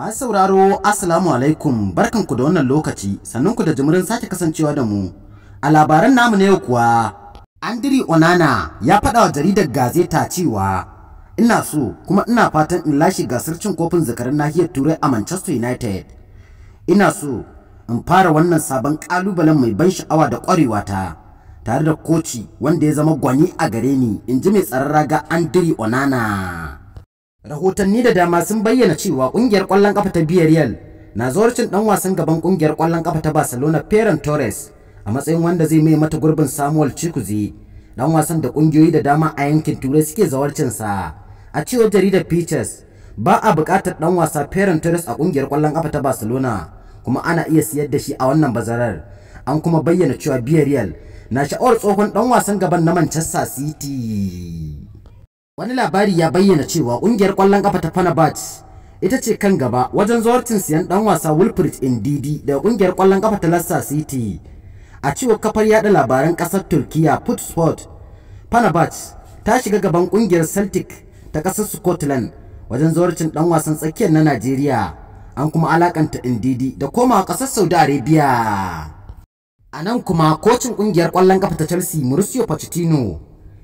Masu sauraro Assalamu alaikum barkanku da wannan lokaci sannunku da jimirin sake kasancewa da mu. A labaran namu na yau kuwa Andri Onana ya faɗa wa jaridar Gazeta cewa ina so kuma ina fatan in lashe gasar cin kofin zakarin nahiyar Turai a Manchester United. Ina so in fara wannan sabon kalubalen mai ban sha'awa da ƙwarewa ta tare da koci wanda ya zama gwani a gare ni in ji mai tsararra raga Andri Onana. Rahotanni da dama sun bayyana cewa ƙungiyar ƙwallon ƙafa ta Villarreal na zuwarcin ɗan wasan gaban ƙungiyar ƙwallon ƙafa ta Barcelona Ferran Torres a matsayin wanda zai mai mata gurbin Samuel Chukwuze ɗan wasan da ƙungiyoyi da dama a yankin Turai suke zawarcin sa. A cewar jaridar Pictures ba a buƙatar ɗan wasa Ferran Torres a ƙungiyar ƙwallon ƙafa ta Barcelona kuma ana iya siyar da shi a wannan bazarar. An kuma bayyana cewa Villarreal na sha'awar tsohon ɗan wasan gaban na Manchester City. wani labari ya bayyana cewa ƙungiyar ƙwallon ƙafa ta Fenerbahce ita ce kan gaba wajen zawarcin siyan ɗan wasa Wilfred Ndidi da ƙungiyar ƙwallon ƙafa ta Leicester City. A cewar kafar yaɗa labaran ƙasar Turkiya Footsport, Fenerbahce ta shiga gaban ƙungiyar Celtic ta ƙasar Scotland wajen zawarcin ɗan wasan tsakiyar na Najeriya. An kuma alakanta Ndidi da koma ƙasar Saudi Arabia. A nan kuma kocin ƙungiyar ƙwallon ƙafa ta Chelsea Mauricio Pochettino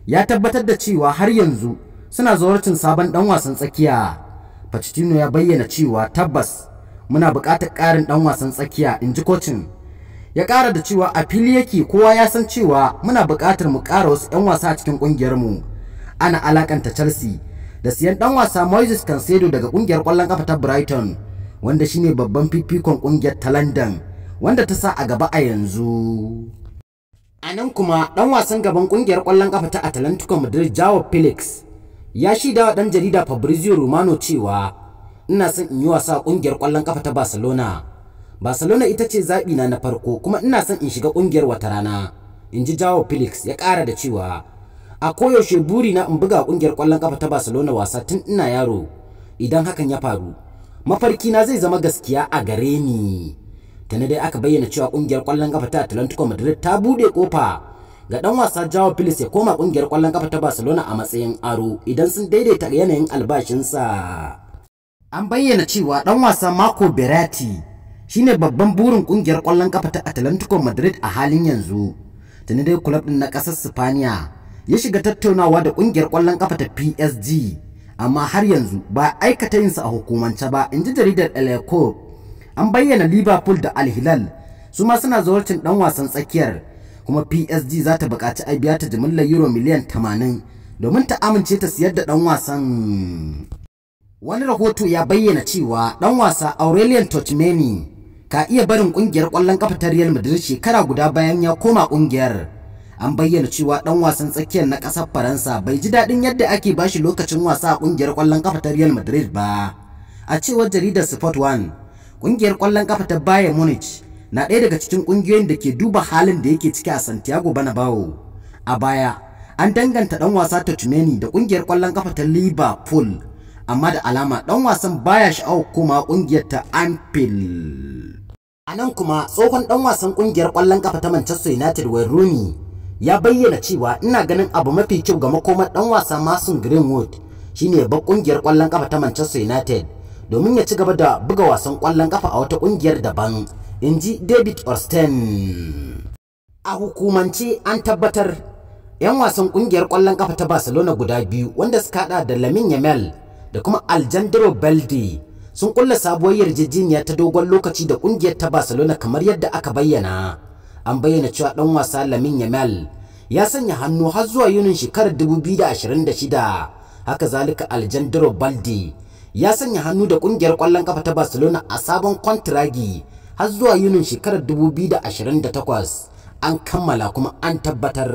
ya tabbatar da cewa har yanzu suna zawarcin sabon dan wasan tsakiya Pochettino ya bayyana cewa tabbas muna buƙatar ƙarin dan wasan tsakiya in ji kocin ya ƙara da cewa a fili yake kowa ya san cewa muna buƙatar mu ƙara wasu 'yan wasa a cikin mu ana alakanta Chelsea da siyan dan wasa Moises Cancedo daga ƙungiyar ƙwallon ƙafa ta Brighton wanda shine babban fifikon ƙungiyar ta London wanda ta sa a gaba a yanzu a nan kuma ɗan wasan gaban ƙungiyar ƙwallon ƙafa ta Atlantico Madrid Joao Felix ya shida wa ɗan jarida Fabrizio Romano cewa ina son in yi wasa ƙungiyar kwallon ƙafa ta Barcelona. Barcelona ita ce zaɓi na na farko kuma ina son in shiga ƙungiyar wata rana. In ji jawo Felix ya ƙara da cewa a koyaushe buri na in buga ƙungiyar ƙwallon ƙafa ta Barcelona wasa tun ina yaro idan hakan ya faru. Mafarki na zai zama gaskiya a gare ni. Tana dai aka bayyana cewa ƙungiyar ƙwallon kafa ta Atlantico Madrid ta buɗe ƙofa ga dan wasa Jao Felix ya koma kungiyar kwallon kafa ta Barcelona a matsayin aro idan sun daidaita yanayin albashinsa. An bayyana cewa dan wasa Marco Berati shine babban burin kungiyar kwallon kafa ta Atlantico Madrid a halin yanzu. Tuni dai club din na kasar Spania ya shiga tattaunawa da kungiyar kwallon kafa ta PSG amma har yanzu ba aikata yinsa a hukumance ba inji jaridar El Eco. An bayyana Liverpool da Al Hilal su ma suna zawarcin dan wasan tsakiyar kuma PSG za ta buƙaci a biya ta jimilla euro miliyan 80 domin ta amince ta siyar da ɗan wasan. Wani rahoto ya bayyana cewa ɗan wasa Aurelien Tchouameni ka iya barin ƙungiyar ƙwallon ƙafa ta Real Madrid shekara guda bayan ya koma ƙungiyar. An bayyana cewa ɗan wasan tsakiyar na ƙasar Faransa bai ji daɗin yadda ake bashi lokacin wasa a ƙungiyar kwallon ƙafa ta Real Madrid ba. A cewar jaridar Sport 1 ƙungiyar ƙwallon ƙafa ta Bayern Munich na ɗaya daga cikin ƙungiyoyin da ke duba halin da yake ciki a Santiago bawo. A baya, an danganta ɗan wasa Tumeni da ƙungiyar ƙwallon ƙafa ta Liverpool, amma da alama ɗan wasan baya sha'awar kuma ƙungiyar ta Anfield. A nan kuma tsohon ɗan wasan ƙungiyar ƙwallon ƙafa ta Manchester United Wayne Rooney ya bayyana cewa ina ganin abu mafi kyau ga makomar ɗan wasa Mason Greenwood shine ba ƙungiyar ƙwallon ƙafa ta Manchester United domin ya ci gaba da buga wasan ƙwallon ƙafa a wata ƙungiyar daban. inji david orsten a hukumance an tabbatar 'yan wasan ƙungiyar kwallon ƙafa ta barcelona guda biyu wanda suka haɗa da lamin yamel da kuma aljandro beldi sun ƙulla sabuwar yarjejeniya ta dogon lokaci da ƙungiyar ta barcelona kamar yadda aka bayyana an bayyana cewa dan wasa lamin yamel ya sanya hannu har zuwa yunin shekarar 2026 haka zalika aljandro baldi ya sanya hannu da ƙungiyar kwallon ƙafa ta barcelona a sabon kwantiragi har zuwa yunin shekarar 2028 an kammala kuma an tabbatar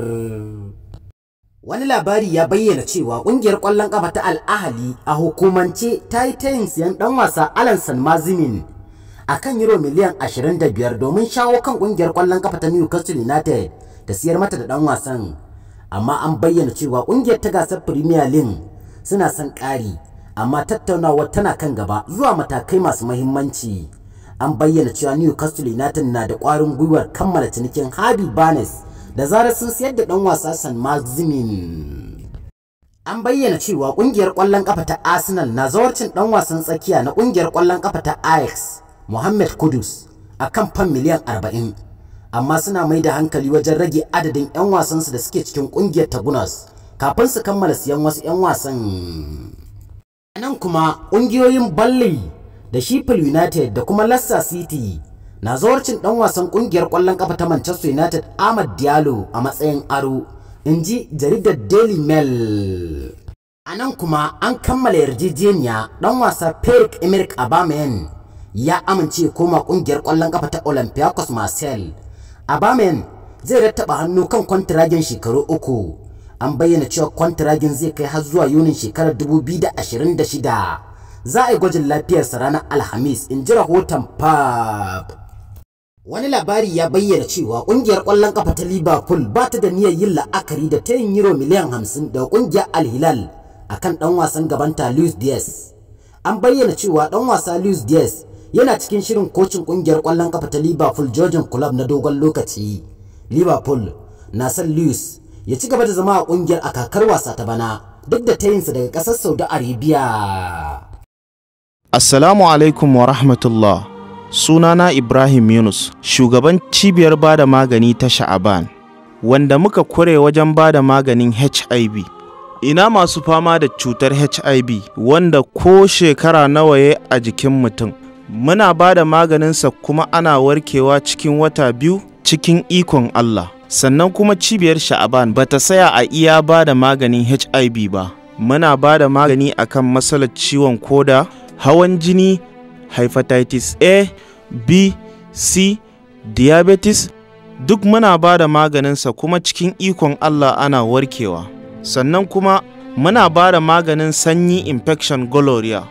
wani labari ya bayyana cewa ƙungiyar ƙwallon ƙafa ta al'ahali a hukumance ta yi tayin siyan ɗan wasa alan sanmazimin a kan euro miliyan 25 domin shawo kan kungiyar kwallon ƙafa ta newcastle united da siyar mata da ɗan wasan amma an bayyana cewa ƙungiyar ta gasar premier league suna son ƙari amma tattaunawar tana kan gaba zuwa matakai masu mahimmanci an bayyana cewa Newcastle United na da ƙwarin gwiwar kammala cinikin Harvey Barnes da zarar sun siyar da ɗan wasa San Maximin. An bayyana cewa ƙungiyar ƙwallon ƙafa ta Arsenal na zawarcin ɗan wasan tsakiya na ƙungiyar ƙwallon ƙafa ta Ajax, Mohamed Kudus, a kan fan miliyan 40. Amma suna mai da hankali wajen rage adadin 'yan wasansu da suke cikin ƙungiyar ta Gunners kafin su kammala siyan wasu 'yan wasan. nan kuma ƙungiyoyin balli da Sheffield United da kuma Leicester City na zawarcin dan wasan kungiyar kwallon kafa ta Manchester United Ahmad Diallo a matsayin aro in ji jaridar Daily Mail a nan kuma an kammala yarjejeniya dan wasa Pierre Emerick Aubameyang ya amince koma kungiyar kwallon kafa ta Olympiacos Marseille Aubameyang zai rattaba hannu kan kwantiragin shekaru uku an bayyana cewa kwantiragin zai kai har zuwa yunin shekarar 2026 za a yi gwajin lafiyarsa ranar alhamis in ji rahoton pap wani labari ya bayyana cewa kungiyar kwallon kafa ta liverpool ba ta da niyyar yin la'akari da ta yin euro miliyan hamsin da kungiyar alhilal a kan dan wasan gabanta luis diaz an bayyana cewa dan wasa luis diaz yana cikin shirin kocin kungiyar kwallon kafa ta liverpool georgian club na dogon lokaci liverpool na san luis ya ci gaba da zama a kungiyar a kakar wasa ta bana duk da tayinsa daga ƙasar saudi arabia Assalamu alaikum wa rahmatullah. Sunana Ibrahim Yunus, shugaban cibiyar bada magani ta Sha'aban, wanda muka kure wajen bada maganin HIV. Ina masu fama da cutar HIV wanda ko shekara nawa ya a jikin mutum. Muna bada maganinsa kuma ana warkewa cikin wata biyu cikin ikon Allah. Sannan kuma cibiyar Sha'aban ba ta saya a iya bada maganin HIV ba. Muna bada magani akan matsalar ciwon koda. hawan jini hepatitis a b c diabetes duk muna ba da maganinsa kuma cikin ikon allah ana warkewa sannan kuma muna ba da maganin sanyi infection gonorrhea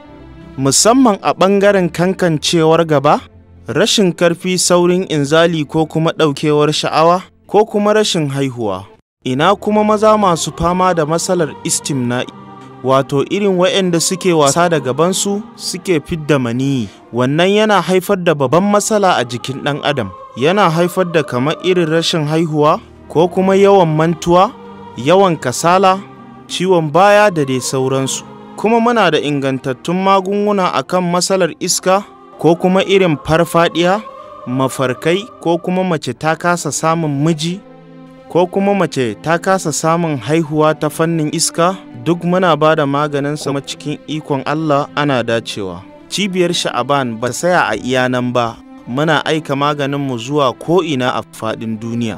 musamman a ɓangaren kankancewar gaba rashin karfi saurin inzali ko kuma ɗaukewar sha'awa ko kuma rashin haihuwa ina kuma maza masu fama da matsalar istimna'i wato irin waɗanda suke wasa da gabansu suke fidda maniyi wannan yana haifar da babban matsala a jikin ɗan adam yana haifar da kamar irin rashin haihuwa ko kuma yawan mantuwa yawan kasala ciwon baya da dai sauransu kuma muna da ingantattun magunguna akan matsalar iska ko kuma irin farfadiya mafarkai ko kuma mace ta kasa samun miji ko kuma mace ta kasa samun haihuwa ta fannin iska duk muna ba da maganin kuma cikin ikon Allah ana dacewa. Cibiyar Sha'aban ba saya a iya nan ba, muna aika maganinmu zuwa ko'ina a faɗin duniya.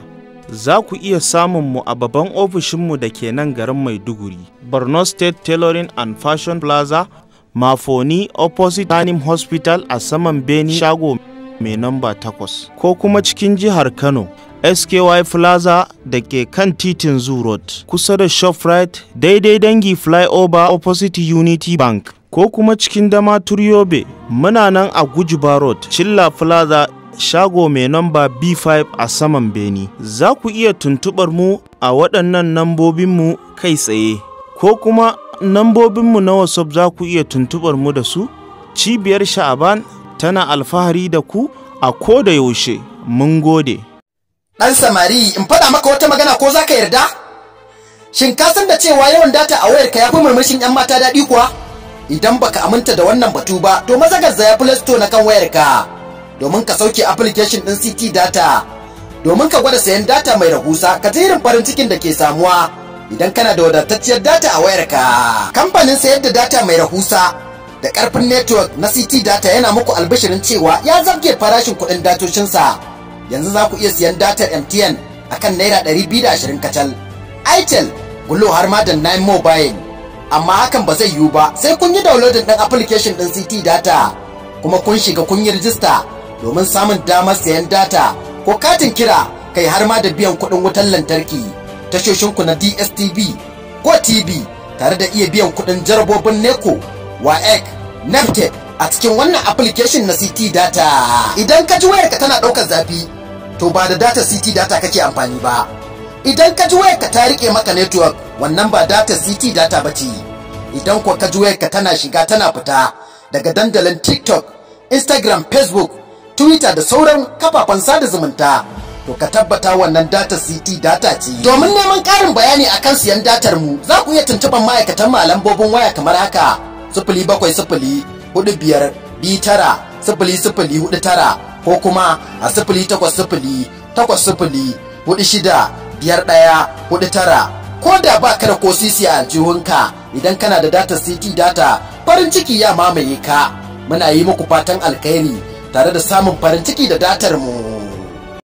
Za ku iya samun mu a babban ofishinmu da ke nan garin Maiduguri, Borno State Tailoring and Fashion Plaza, Mafoni opposite Tanim Hospital a saman Beni Shago mai namba takwas, ko kuma cikin jihar Kano. SKY Plaza da ke kan titin Zoo Road, kusa da Shoprite, daidai dangi flyover opposite Unity Bank, ko kuma cikin dama Turiyobe muna nan a Gujiba Road, Chilla Plaza shago mai namba B5 a saman Beni. Za ku iya tuntubar mu a waɗannan nambobinmu kai tsaye, ko kuma nambobinmu na WhatsApp za ku iya tuntuɓar mu da su, cibiyar Sha'aban tana alfahari da ku a ko da yaushe. Mun gode. ɗan samari in faɗa maka wata magana ko za ka yarda shin ka san da cewa yawan data a wayarka ya fi murmushin 'yan mata daɗi kuwa idan baka aminta da wannan batu ba to maza zaya play store na kan wayarka domin ka sauke application ɗin city data domin ka gwada sayan data mai rahusa ka ji irin farin cikin da ke samuwa idan kana da wadatacciyar data a wayarka kamfanin sayar da data mai rahusa da ƙarfin network na city data yana muku albishirin cewa ya zabge farashin kuɗin datoshinsa yanzu za ku iya siyan datar MTN a kan naira 220 kacal. Itel, Gullo har ma da Nine Mobile. Amma hakan ba zai yiwu ba sai kun yi downloading ɗin application ɗin CT data kuma kun shiga kun yi rijista domin samun damar siyan data ko katin kira kai har ma da biyan kuɗin wutar lantarki tashoshinku na DSTV ko TV tare da iya biyan kuɗin jarabobin NECO, WAEC, NEPTEC a cikin wannan application na CT data. Idan ka ji wayarka tana ɗaukar zafi to ba da data city data kake amfani ba idan ka ji wayarka ta rike maka network wannan ba data city data ba ce idan kuwa ka ji wayarka tana shiga tana fita daga dandalin tiktok instagram facebook twitter da sauran kafafen sada zumunta to ka tabbata wannan data city data ce domin neman ƙarin bayani akan siyan datar mu za ku iya tuntuɓar ma'aikatan malambobin waya kamar haka sifili bakwai sifili hudu biyar biyu tara sifili sifili hudu tara ko kuma a sifili takwas sifili takwas sifili hudu shida biyar ɗaya hudu tara ko da ba ka da ko sisi a aljihunka idan kana da data city data farin ciki ya mamaye ka muna yi muku fatan alkhairi tare da samun farin ciki da datar mu.